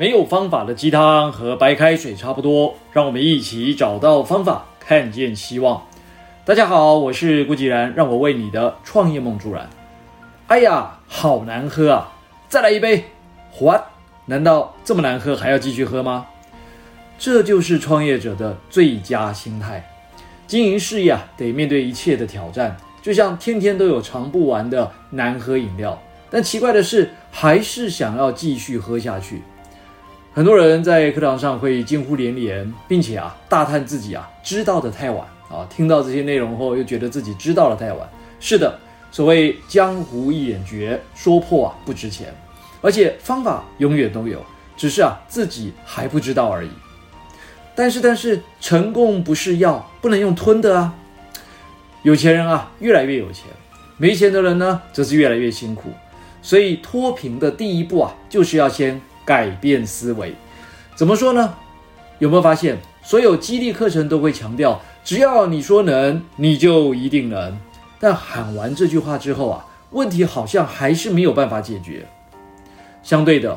沒有方法的雞湯和白開水差不多，讓我們一起找到方法，看見希望。大家好，我是顧繼然，讓我為你的創業夢助燃。哎呀，好難喝啊！再來一杯。還？難道這麼難喝還要繼續喝嗎？這就是創業者的最佳心態。經營事業啊，得面對一切的挑戰，就像天天都有嘗不完的難喝飲料，但奇怪的是，還是想要繼續喝下去。很多人在課堂上會驚呼連連，並且啊大嘆自己啊知道的太晚啊，聽到這些內容後又覺得自己知道了太晚。是的，所謂江湖一點訣說破啊不值錢，而且方法永遠都有，只是啊自己還不知道而已。但是但是，成功不是藥，不能用吞的啊。有錢人啊越來越有錢，沒錢的人呢則是越來越辛苦。所以脫貧的第一步啊，就是要先。改變思維，怎麼說呢？有沒有發現，所有激勵課程都會強調，只要你說能，你就一定能。但喊完這句話之後啊，問題好像還是沒有辦法解決。相對的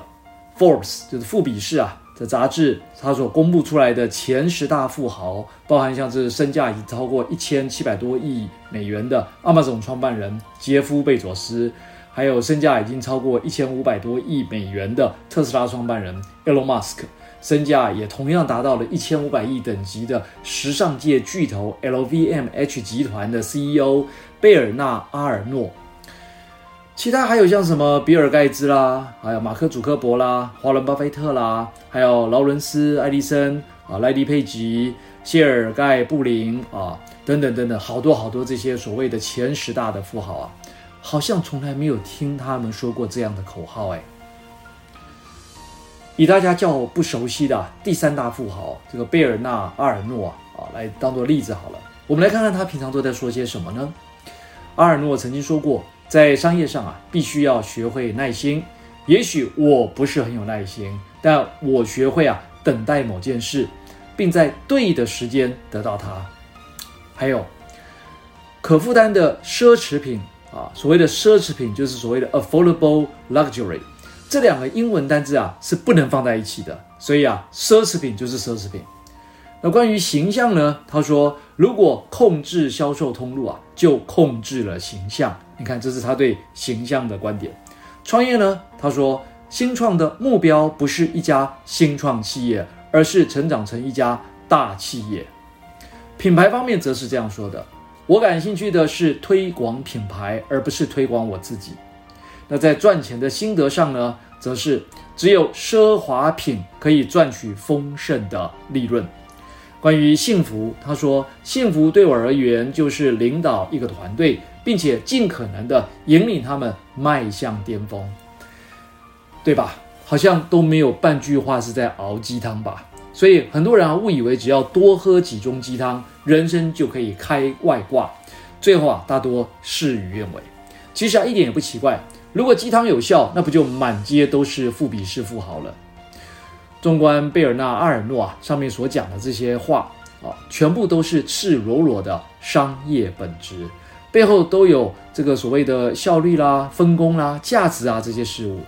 ，Forbes 就是富比試啊，這雜誌它所公布出來的前十大富豪，包含像是身價已超過一千七百多億美元的 z 馬 n 創辦人傑夫貝佐斯。還有身價已經超過一千五百多億美元的特斯拉創辦人 Elon Musk，身價也同樣達到了一千五百億等級的時尚界巨頭 LVMH 集團的 CEO 貝爾納·阿爾諾。其他還有像什麼比爾·蓋茨啦，還有馬克·祖克伯啦，華倫·巴菲特啦，還有勞倫斯·艾利森啊，萊利·佩吉、謝爾蓋·布林啊，等等等等，好多好多這些所謂的前十大的富豪啊。好像從來沒有聽他們說過這樣的口號哎。以大家較不熟悉的、啊、第三大富豪這個貝爾納阿爾諾啊啊來當作例子好了，我們來看看他平常都在說些什麼呢？阿爾諾曾經說過，在商業上啊，必須要學會耐心。也許我不是很有耐心，但我學會啊等待某件事，並在對的時間得到它。還有，可負擔的奢侈品。啊，所謂的奢侈品，就是所謂的 affordable luxury，這兩個英文單字啊是不能放在一起的，所以啊，奢侈品就是奢侈品。那關於形象呢？他說，如果控制銷售通路啊，就控制了形象。你看，這是他對形象的觀點。創業呢？他說，新創的目標不是一家新創企業，而是成長成一家大企業。品牌方面則是這樣說的。我感興趣的是推廣品牌，而不是推廣我自己。那在賺錢的心得上呢，則是只有奢華品可以賺取豐盛的利潤。關於幸福，他說：“幸福對我而言，就是領導一個團隊，並且盡可能的引領他們邁向巔峰。對吧？”好像都沒有半句話是在熬雞湯吧。所以很多人啊誤以為只要多喝幾盅雞湯，人生就可以開外掛，最後啊大多事與願違。其實啊一點也不奇怪。如果雞湯有效，那不就滿街都是富比士富豪了？縱觀貝爾納阿爾諾啊，上面所講的這些話啊，全部都是赤裸裸的商業本質，背後都有這個所謂的效率啦、分工啦、價值啊這些事物，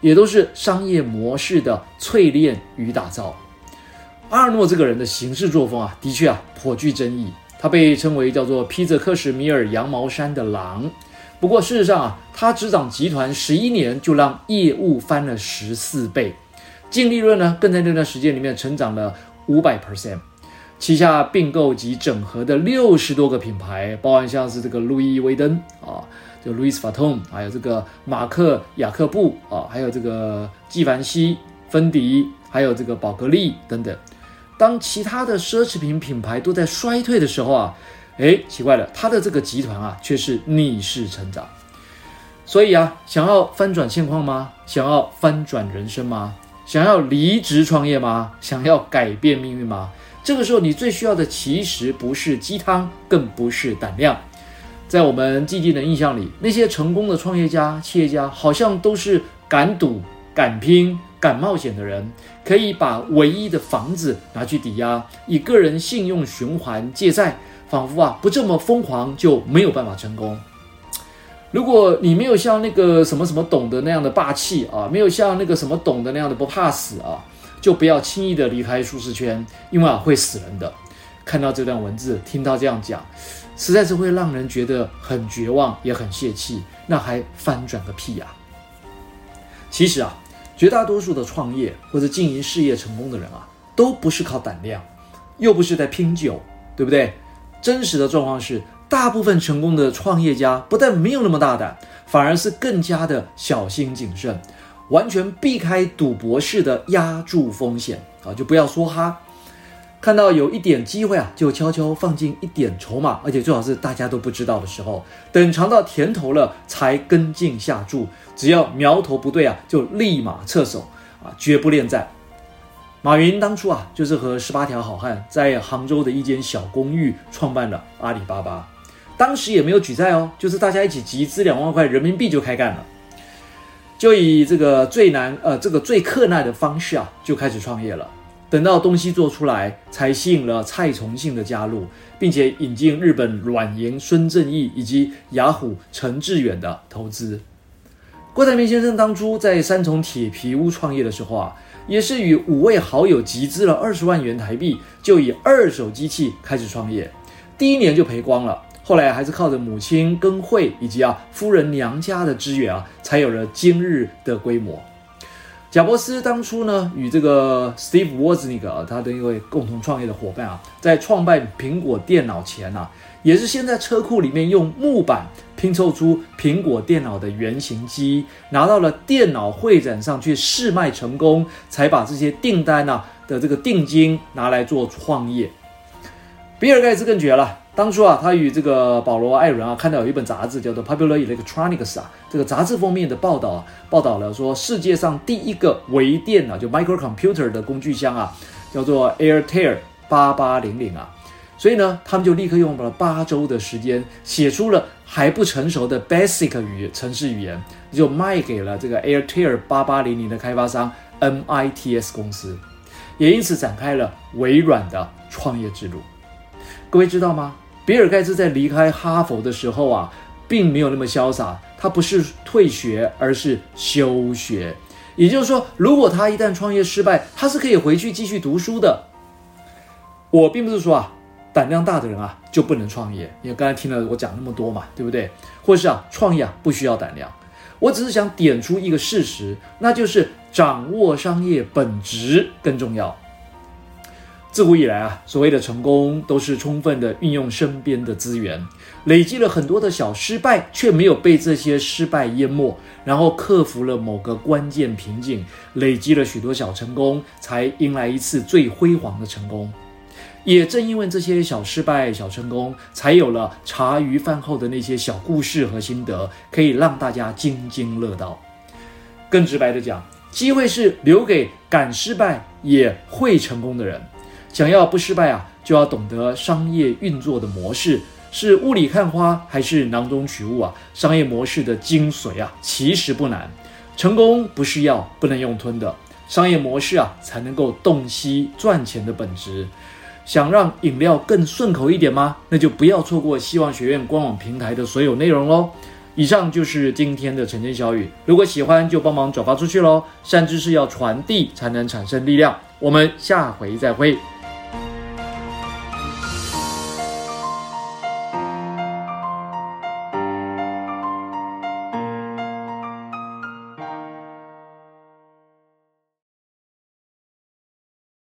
也都是商業模式的淬煉與打造。阿爾諾這個人的行事作風啊，的確啊頗具爭議。他被稱為叫做披着克什米爾羊毛衫的狼。不過事實上啊，他執掌集團十一年，就讓業務翻了十四倍，淨利潤呢更在那段時間裡面成長了五百 percent。旗下併購及整合的六十多個品牌，包含像是這個路易威登啊，就 Louis Vuitton，還有這個馬克雅克布啊，還有這個紀梵希、芬迪，還有這個寶格麗等等。當其他的奢侈品品牌都在衰退的時候啊，哎，奇怪了，他的這個集團啊卻是逆勢成長。所以啊，想要翻轉現況嗎？想要翻轉人生嗎？想要離職創業嗎？想要改變命運嗎？這個時候你最需要的其實不是雞湯，更不是膽量。在我們既定的印象裡，那些成功的創業家、企業家好像都是敢賭、敢拼。敢冒險的人，可以把唯一的房子拿去抵押，以個人信用循環借債，仿佛啊不這麼瘋狂就沒有辦法成功。如果你沒有像那個什麼什麼董那樣的霸氣啊，沒有像那個什麼董那樣的不怕死啊，就不要輕易的離開舒適圈，因為啊會死人的。看到這段文字，聽到這樣講，實在是會讓人覺得很絕望，也很洩氣。那還翻轉個屁呀！其實啊。絕大多數的創業或者經營事業成功的人啊，都不是靠膽量，又不是在拼酒，對不對？真實的狀況是，大部分成功的創業家不但沒有那麼大膽，反而是更加的小心謹慎，完全避開賭博式的押注風險啊，就不要梭哈。看到有一點機會啊，就悄悄放進一點籌碼，而且最好是大家都不知道的時候，等嘗到甜頭了才跟進下注。只要苗頭不對啊，就立馬撤手啊，絕不戀戰。馬雲當初啊，就是和十八條好漢在杭州的一間小公寓創辦了阿里巴巴，當時也沒有舉債哦，就是大家一起集資兩萬塊人民幣就開幹了，就以這個最難，呃，這個最克難的方式啊，就開始創業了。等到東西做出來，才吸引了蔡崇信的加入，並且引進日本軟銀孫正義以及雅虎陳致遠的投資。郭台銘先生當初在三重鐵皮屋創業的時候啊，也是與五位好友集資了二十萬元台幣，就以二手機器開始創業，第一年就賠光了。後來還是靠着母親跟會以及啊夫人娘家的支援啊，才有了今日的規模。賈伯斯當初呢，與這個 Steve Wozniak 啊，他的一位共同創業的夥伴啊，在創辦蘋果電腦前啊，也是先在車庫裡面用木板拼湊出蘋果電腦的原型機，拿到了電腦會展上去試賣成功，才把這些訂單啊的這個定金拿來做創業。比爾蓋茨更絕了。當初啊，他與這個保羅艾倫啊，看到有一本雜誌叫做《Popular Electronics》啊，這個雜誌封面的報道啊，報道了說世界上第一個微電腦啊，就 Microcomputer 的工具箱啊，叫做 Altair 八八零零啊。所以呢，他們就立刻用了八周的時間，寫出了還不成熟的 Basic 語程式語言，就賣給了這個 Altair 八八零零的開發商 MITS 公司，也因此展開了微軟的創業之路。各位知道嗎？比爾蓋茨在離開哈佛的時候啊，並沒有那麼瀟灑，他不是退學，而是休學。也就是說，如果他一旦創業失敗，他是可以回去繼續讀書的。我並不是說啊，膽量大的人啊就不能創業。因為剛才聽了我講那麼多嘛，對不對？或是啊，創業啊不需要膽量。我只是想點出一個事實，那就是掌握商業本質更重要。自古以來啊，所謂的成功都是充分的運用身邊的資源，累積了很多的小失敗，卻沒有被這些失敗淹沒，然後克服了某個關鍵瓶頸，累積了許多小成功，才迎來一次最輝煌的成功。也正因為這些小失敗、小成功，才有了茶餘飯後的那些小故事和心得，可以讓大家津津樂道。更直白的講，機會是留給敢失敗也會成功的人。想要不失敗啊，就要懂得商業運作的模式是霧裡看花還是囊中取物啊？商業模式的精髓啊，其實不難。成功不是要不能用吞的商業模式啊，才能夠洞悉賺錢的本質。想讓飲料更順口一點嗎？那就不要錯過希望學院官網平台的所有內容嘍。以上就是今天的晨間小語，如果喜歡就幫忙轉發出去嘍。善知識要傳遞才能產生力量。我們下回再會。